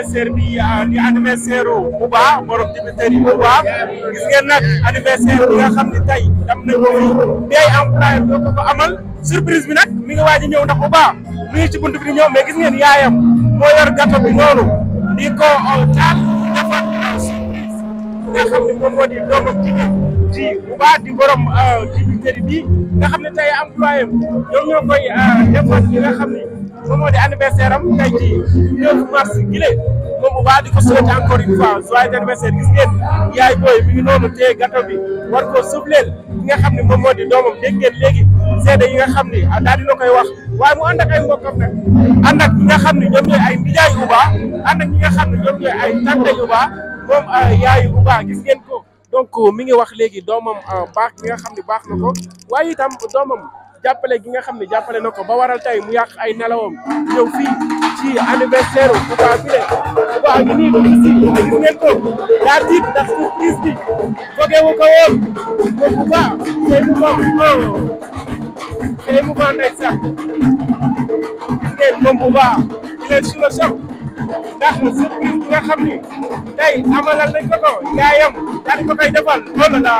anniversaire bi di anniversaire tey am nañ ko fi ay employé surprise bi nag mi ngi waaj a ñëw ndax mi ngi ci bunt bi di ñëw gis ngeen yaayam moo yor bi noonu di ko euh, taal dafa surprise nga xam ne moom moo di doomu jigéen di di borom euh, dibiteri bi nga xam ne tey employé ñoom ñoo koy euh, defal li nga xam ne moom di anniversaire am tey ci mars gile moom bu baax di ko souhaité encore une fois joyeux anniversaire gis yaay booy mi ngi noonu téye gâteau bi war xam ne moom moo di doomam dégg seede yi xam ne ah, daal koy wax waaye mu ànd ak ay mbokkam nag ànd xam ne ñoom ñooy ay ndijaay Uba ànd ak ñi xam ne ñoom ay tante Uba moom ah, yaayu Uba ko donc mi ngi wax léegi doomam ah, baax ki nga xam ne baax na ko waaye itam doomam jàppale gi nga xam ne jàppale na ko ba waral tey mu yàq ay nelawam ñëw fii ci anniversaire bu baax bi ne waaw nii ñu ngi si gis ngeen ko daa tiit ndax surprise bi foogee wu ko woon moom bu baax tey mu baax tey mu baax nekk sax ngeen moom bu baax di leen sur le choc ndax surprise bi nga xam ni tey amalal nañ ko ko yaayam daal ko koy defal loolu la.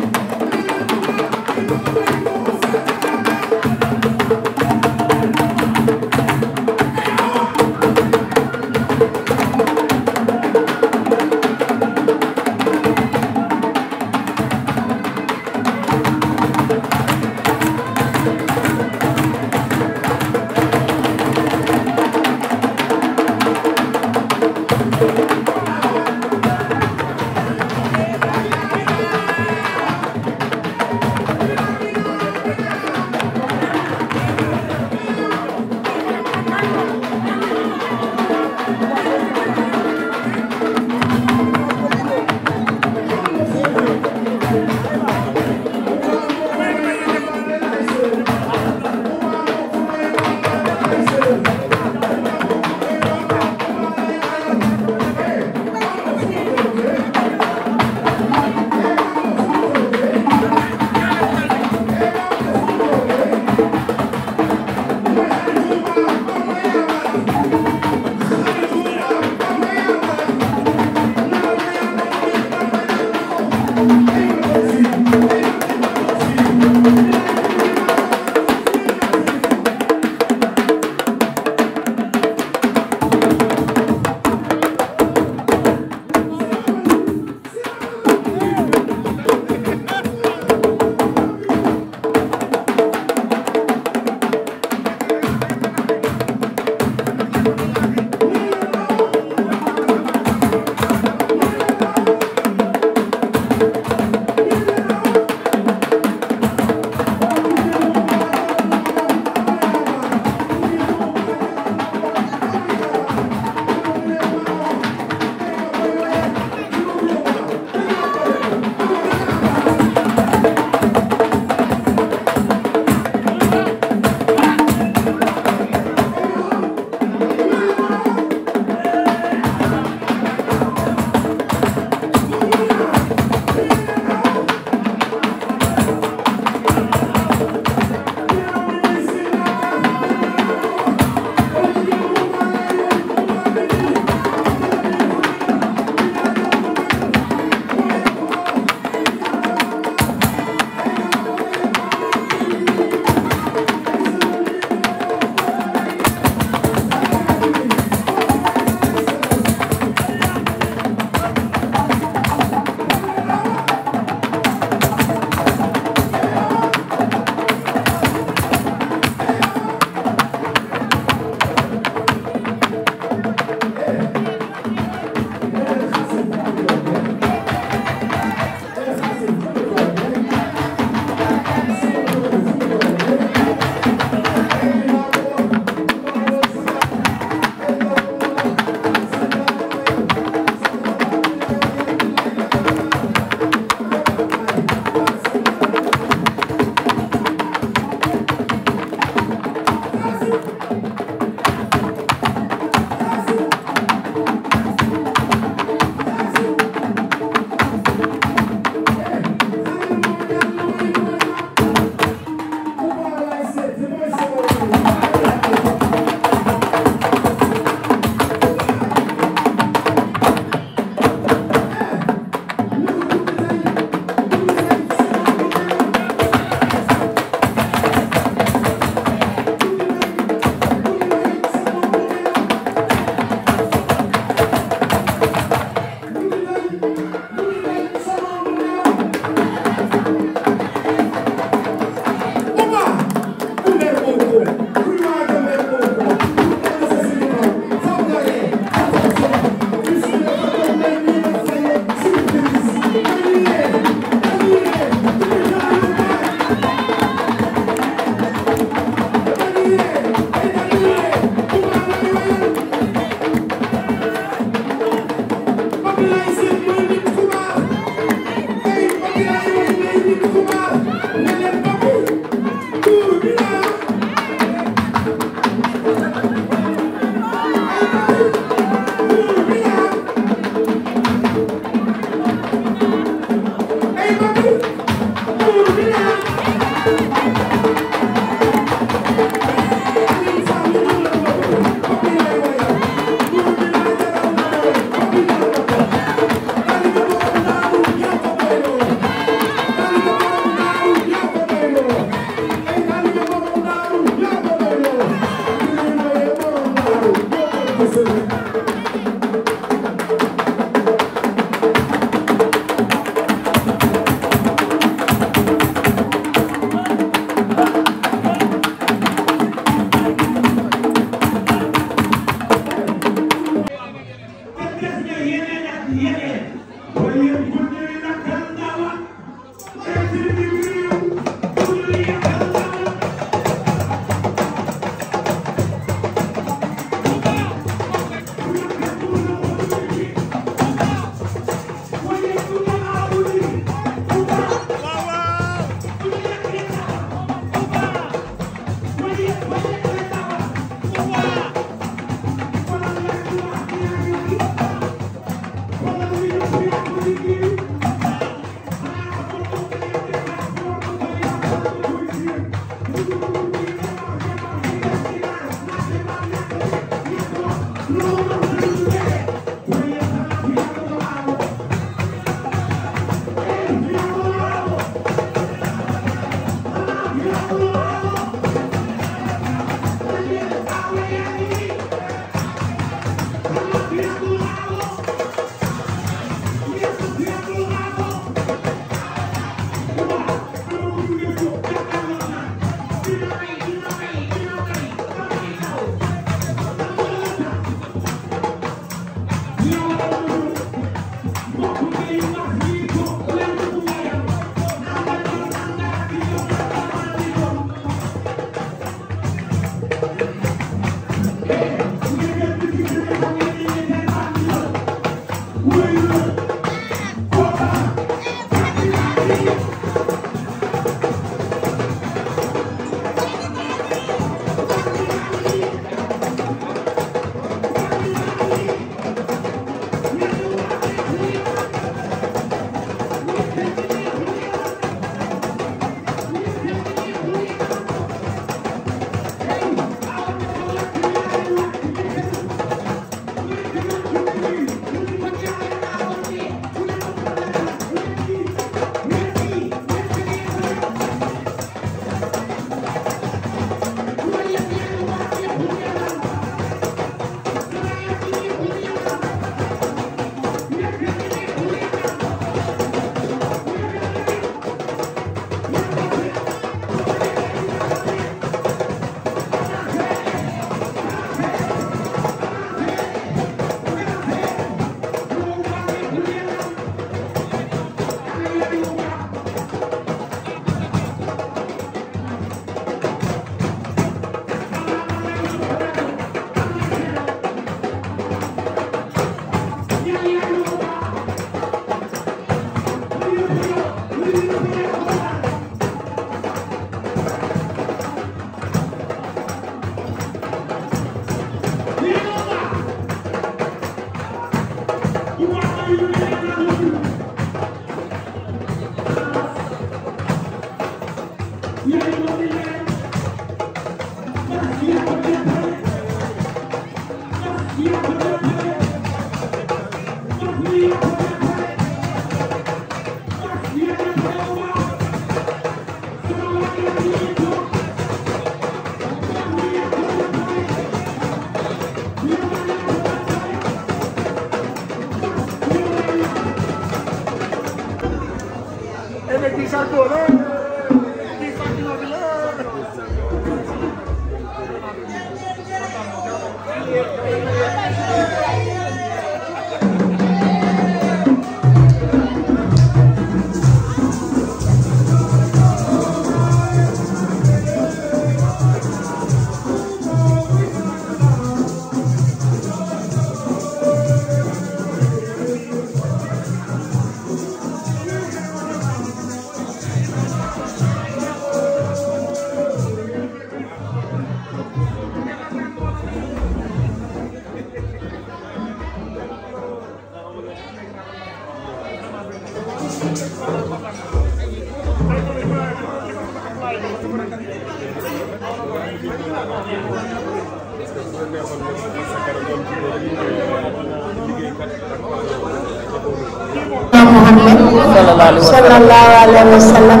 sallallahu alayhi wa sallam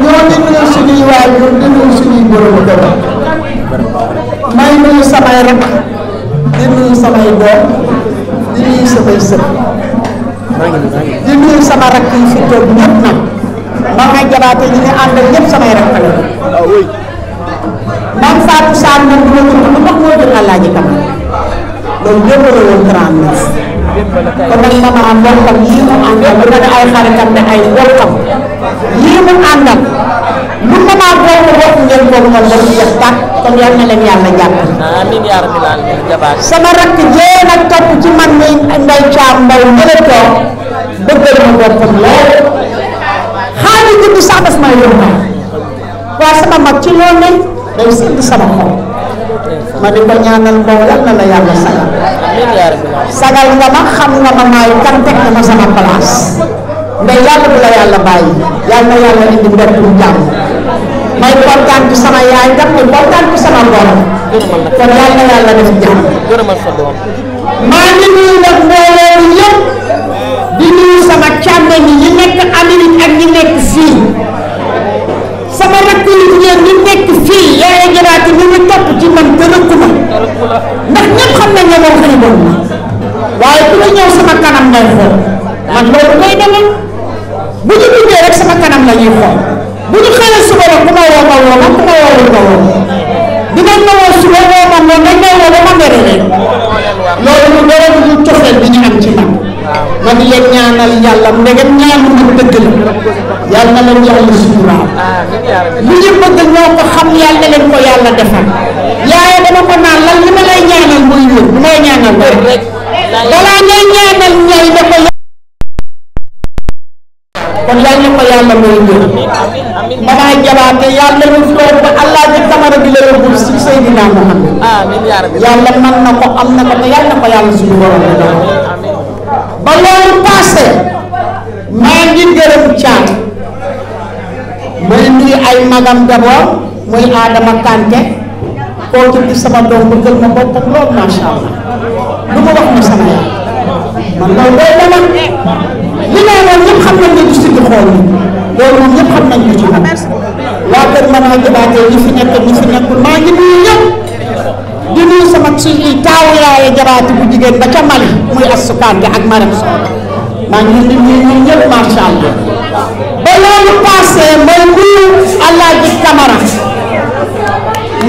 ñoo di nuyu suñuy waajur di nuyu suñuy borom doom may nuyu samay rakk di nuyu samay doom di nuyu samay sët di nuyu sama rakk yi fi toog ñëpp nag ba nga jabaate ñu ne ànd ak ñëpp samay rakk la man Fatou Sall nag duma tudd lu tax moo jël Alaaji Kamara loolu lépp la woon 39 kon nag sama mbokkam yii mu àndal bu ne ay xaritam ne ay mbokkam yii mu àndal lu mën a bokk bokk ngeen bokk kon dañuy def tàkk sama ci ma boppam lool sama mag ci loolu lañ day sedd sama xol. ma di ko ñaanal ko yal la yàlla sagal sagal nga ma xam nga ma maay kan teg ma sama place mais yàlla bu la yàlla bàyyi yàlla yàlla indi jàmm maa ngi nuyu nag mbooloo mi yëpp di nuyu sama càmmeñ yi nekk Amérique ak ñi nekk fii sama rakk yi ñi nekk fii yaay jëlaati ñu ngi topp man te rëkku ma ndax ñëpp xam ne moom xëy doon ma waaye ku la ñëw sama kanam ngay xool man loolu ngay demal bu bu ñu xëyee suba rek ma woo ma woo ma ku ma woo ma woo dinañ ma woo suba woo ma woo dañ may woo ba ma mere leen loolu lu dara lu cofeel bi ñu am ci man ma di leen ñaanal yàlla leen ko yàlla defal man li ma lay ñaanal mooy wér li may ñaanal wér balaa ngay ñaanal ñay na ko kon yal ko yàlla mooy wér mamaa jabaate yàlla ñu toog allah ji kamara bi la yóbbul si Seydina Muhammad yàlla man na ko am na ko yàlla ko yàlla suñu borom bi dafa ba loolu passé maa ngi gërëm caat muy nuyu ay magam d'abord muy Adama Kanté kooku di sama doom bëggal ma boppam lool macha allah lu ma wax ma sama yaay man loolu day dama li may wax ñëpp xam nañ loolu moom ñëpp xam a ba ca Mali muy asukante allah ba loolu passé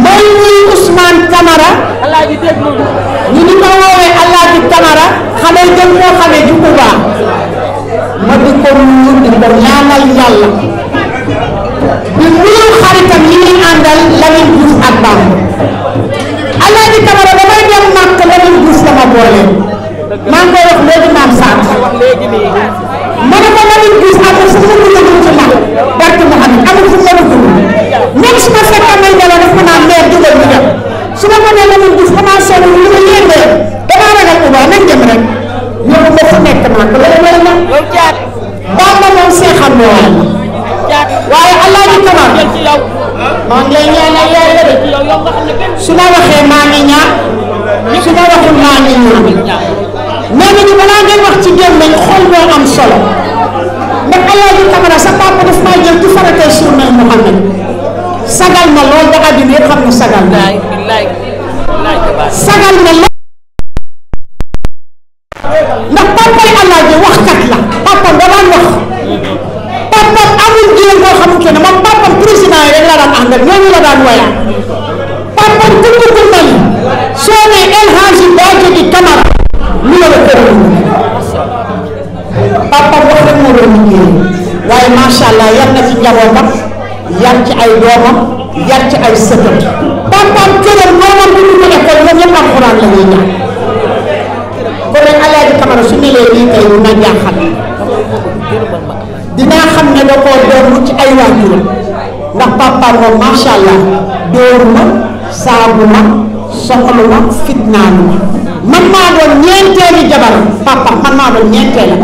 may muy Ousmane Camara ñu ni ma woowee Alaaji Camara xale jëm koo xamee ju bu baax ma di ko nuyu di ko ñaanal yàlla di nuyu xaritam yi ñuy àndal Lamine Diouf ak Bamba Alaaji Camara damay dem màkk Lamine Diouf sama boole maa ngi koy wax léegi maam sant ma ne ko Lamine Diouf amul fu mu mën a dugg ci man barke Mouhamed amul fu mu mën a dugg même su ma fekk dem ñu dem su ma ko nee Lamine Diouf xanaa sonn lu ma yéen de damaa ragal Touba nañ dem rek yóbbu ko fu nekk man ba léegi loolu nag. baax na moom seexal waaye. allah ji tamam maa ngi lay ñaanal yàlla de su la waxee maa ngi ñaan ñëpp xam na sagal na sagal na la ndax papay Alaaji waxkat la papam da daan wax papam amul jigéen koo xamante ne moom papam président yi rek la daan àndal ñooñu la daan wayaan papam tudd Mali soo ne El Hadji Badji di Camara lu la la tëral papam wax rek moo doon liggéey waaye macha allah yar na fi njabootam yar ci ay doomam yar ci ay sëtam papaam këram moomam bu dugg école ñoom ñëpp alxuraan la ñuy kon nag Alaaji su ñu lee lii dina jaaxal dinaa xam ne da koo doon ci ay waajuram ndax papaam moom macha allah dóoru ma saabu ma man maa doon ñeenteeli jabar papa man maa doon ñeenteeli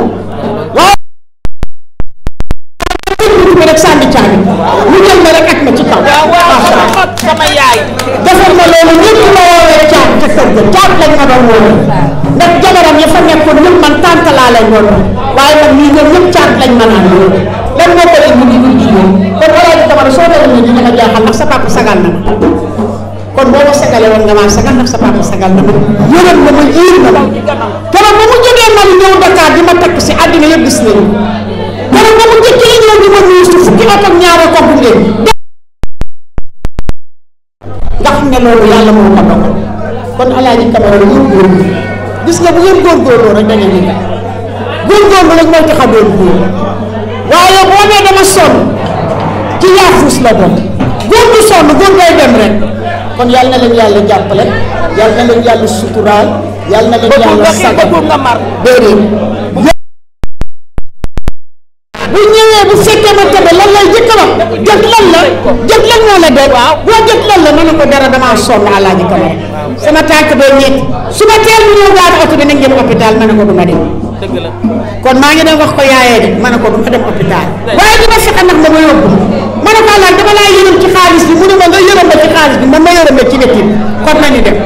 loolu ñun ñu ma woowee caat te sër ga caat lañ ma a wóolu ndax jabaram ya fa nekkoon ñëpp man tànt laa lañ woon waaye nag ñii ñoom ñëpp caat lañ ma naan wóolu lan moo ko indi di dul jigéen kon ma sagale mu jógee Mali ñëw Dakar di ma takk si àddina yëpp gis nañu keroog ba mu jëkkee ñëw ma nuyu si fukki at ak ñaar ko gunge ne loolu yàlla moo ko dogal kon alaaji Camara góorgóorlu gis nga bu ngeen góorgóorloo rek da ngeen di def góorgóorlu rek mooy tax a góorgóorlu waaye boo nee dama sonn ci yaafus la bokk góor du sonn góor day dem rek kon yàlla na leen yàlla jàppale yàlla leen yàlla suturaal yàlla leen yàlla sagal bu ñëwee bu fekkee ma tëdd lan lay jëkk wax jot lan la jot lan moo la doon boo jot lan la mën na ko dara damaa sonn alaaji kama sama tànk bee ñetti su ma teel ñëw daal oto bi nañ jëm hôpital mën na ko du dem kon maa ngi doon wax ko yaayee de mën na ko du dem hôpital waaye dina fexe ndax dama yóbbu ne ko laaj dama laa yërëm ci xaalis bi mu ne ma nga yërëm ma ci xaalis bi man ma yërëm la ci nit yi kon nañu dem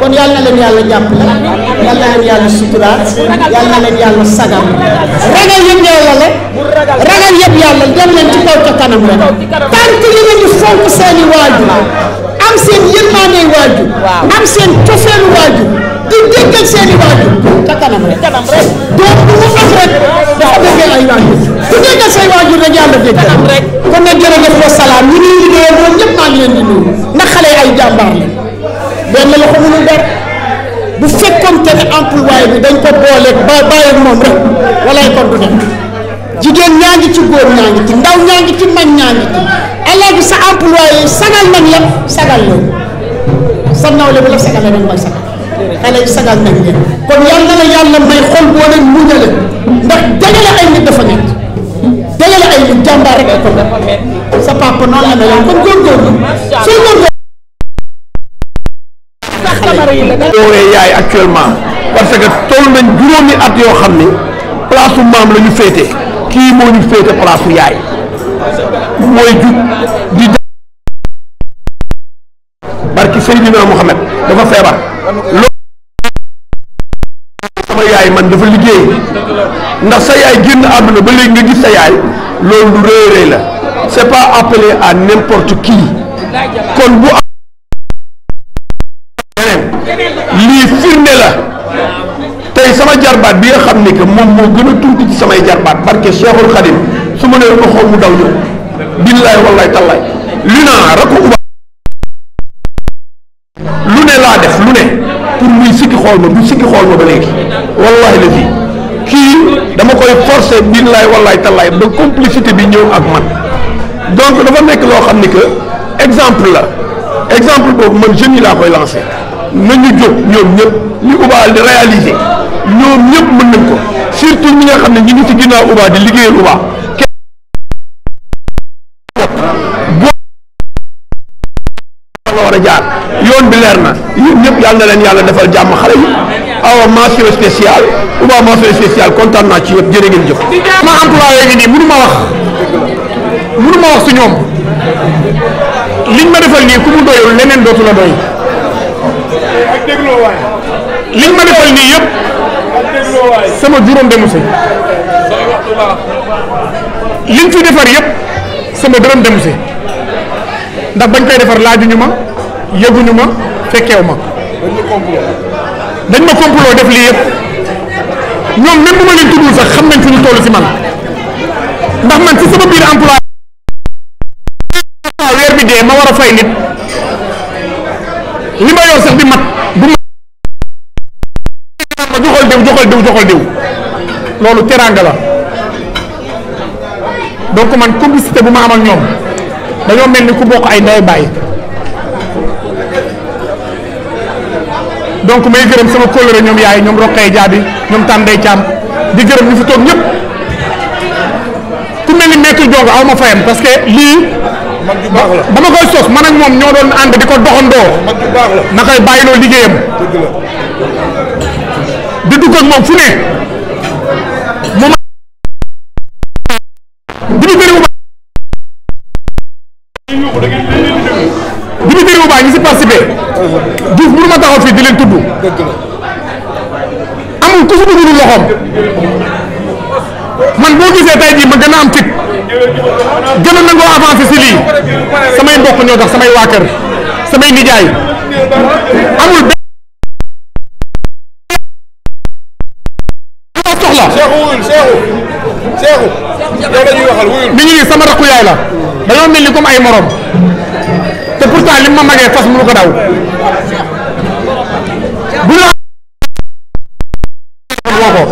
kon yal na leen yàlla jàppale yal na leen yàlla suturaat yal na leen yàlla sagal ragal yëpp yàlla la ragal yëpp yàlla dem leen ci kaw ca kanam rek tant que yéen a ngi fonk seeni waajur am seen yërmaande waajur am seen cofeelu waajur di déggal seen i waajur ca kanam rek kanam rek donc bu mu am rek dafa déggal ay waajur ku déggal say waajur rek yàlla dégg kanam rek kon nag jërëjëf wa salaam ñu nuyu liggéey moom ñëpp maa ngi leen di nuyu ndax xale ay jàmbaar la benn loxo mënul def bu fekkoon te ne employé bi dañ ko booleeg ba bàyyeeg moom rek walaay kon du dem jigéen ñaa ngi ci góor ñaa ngi ci ndaw ñaa ngi ci mag ñaa ngi ci alaaji sa employé sagal nañ la sagal la sa nawle bu la sagale nañ mooy sagal xale yi sagal nañ leen kon yàlla na yàlla may xol boo leen muñale ndax dajale ay nit dafa nekk dajale sa papa noonu la mel yaay actuellement parce que toll nañ juróomi at yoo xam ni place maam la féete kii moo ñu féete place yaay mooy jug di barki Seydina dafa feebar sama yaay man dafa liggéey ndax sa yaay génn àdduna ba léegi nga gis sa yaay loolu lu rëy rëy la c'est pas appelé a n'importe kii kon bu am lii firnde la tey sama jarbaat bi nga xam ni que moom moo gën a tuuti ci samay jarbaat barke Seexul Xadim su ma nee ko mu daw ñëw billaay wallaay tallaay li naa rakk xool ma du siggi xool ma ba léegi wallahi la fii kii dama koy forcer billaay wallaay tallaay ba complicité bi ñëw ak man donc dafa nekk loo xam ne que exemple la exemple boobu man jeunes yi laa koy lancé nañu jóg ñoom ñëpp li ubaa di réalisé ñoom ñëpp mën nañ ko surtout ñi nga xam ne ñu ngi ci ginnaaw ubaa di liggéeyal ubaa kenn boo la war a jaar yoon bi leer na yàlla na leen yàlla defal jàmm xale yi awa mention spéciale Touba mention spéciale kontaan naa ci yëpp jërë ngeen jëf. ma employé ngi nii mënu ma wax si ñoom liñ ma defal nii ku mu doyul leneen dootu ma defal nii yëpp sama juróom demu defar yëpp sama dërëm demu si ndax bañ koy defar laajuñu ma yëguñu ma fekkeew ma. dañ ma complot def lii yëpp ñoom même bu ma leen tuddul sax xam nañ fu ñu toll si man ndax man si sama biir emploi weer bi dee ma war a fay nit li ma yor sax di mat bu ma joxal diw joxal diw joxal diw loolu teraanga la donc man complicité bu ma am ñoom dañoo mel ni ku bokk ay ndey bàyyi donc may gërëm sama kóllëre ñoom yaay ñoom Roqee Jaabi ñoom Tànday Caam di gërëm ñu fi toog ñëpp ku mel ni maître Jongo aw ma fayam parce que lii. ba ma koy sos man ak moom ñoo doon ànd di ko doxandoo. mag ju baax la na koy bàyyiloo liggéeyam. di dugg moom fu ne. mu ma. Touba ñi si participé Diouf mënu ma taxaw fii di leen amul ku si dugalul loxoom man boo gisee tey jii ma gën a am fit gën a nangoo avancé si lii samay mbokk ñoo tax samay waa samay nijaay amul benn ni ñu ni sama rakku yaay la dañoo mel ni comme ay morom te pourtant lim ma magee fas mënu ko daw bu la woo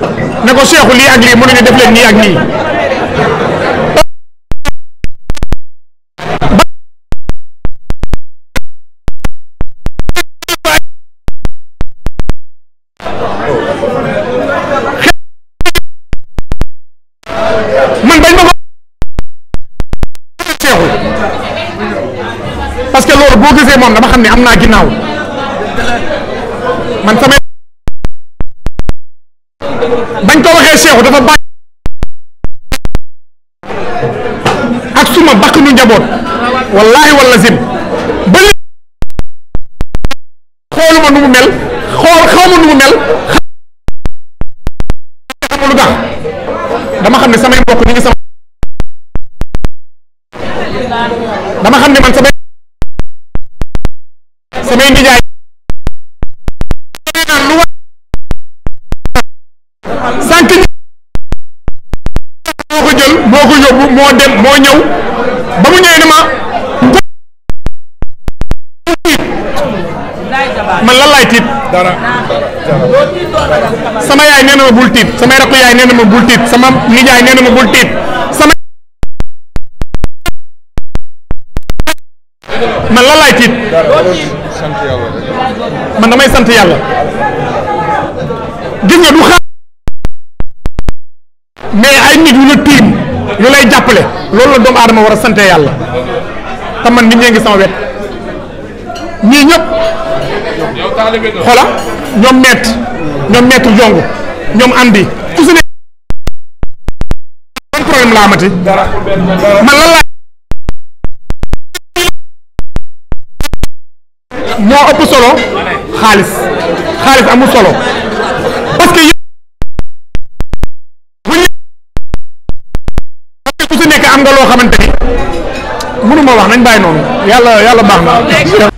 ko ne ko Cheikhou lii ak lii mu ne def leen nii ak nii boo gisee moom dama xam ne am naa ginnaaw man samay bañ ko waxee Cheikhu dafa bàyyi ak suma bakk nu njaboot wallaahi wala zim ba léegi xooluma nu mu mel xool nu mu mel xam ne samay mbokk ñu ngi sama Ndeye Ndiaye sànq moo ko jël moo ko yóbbu moo dem moo ñëw ba mu ñëwee ni ma man lan laay tiit dara sama yaay nee na ma bul tiit sama rakku yaay nee na ma bul tiit sama nijaay nee na ma bul tiit sama man lan laay tiit man damay sant yàlla gis nga du xaar mais ay nit yu la tiim yu lay jàppale loolu la doomu aadama war a sante yàlla te man nit ñee ngi sama wet ñii ñëpp xoola ñoom maître ñoom maître jong ñoom andi ku su ne problème man lan daa ëpp solo xaalis xaalis amul solo parce que ku si nekk am nga loo xamante ni mënuma wax nañ bàyyi noonu yàlla yàlla baax na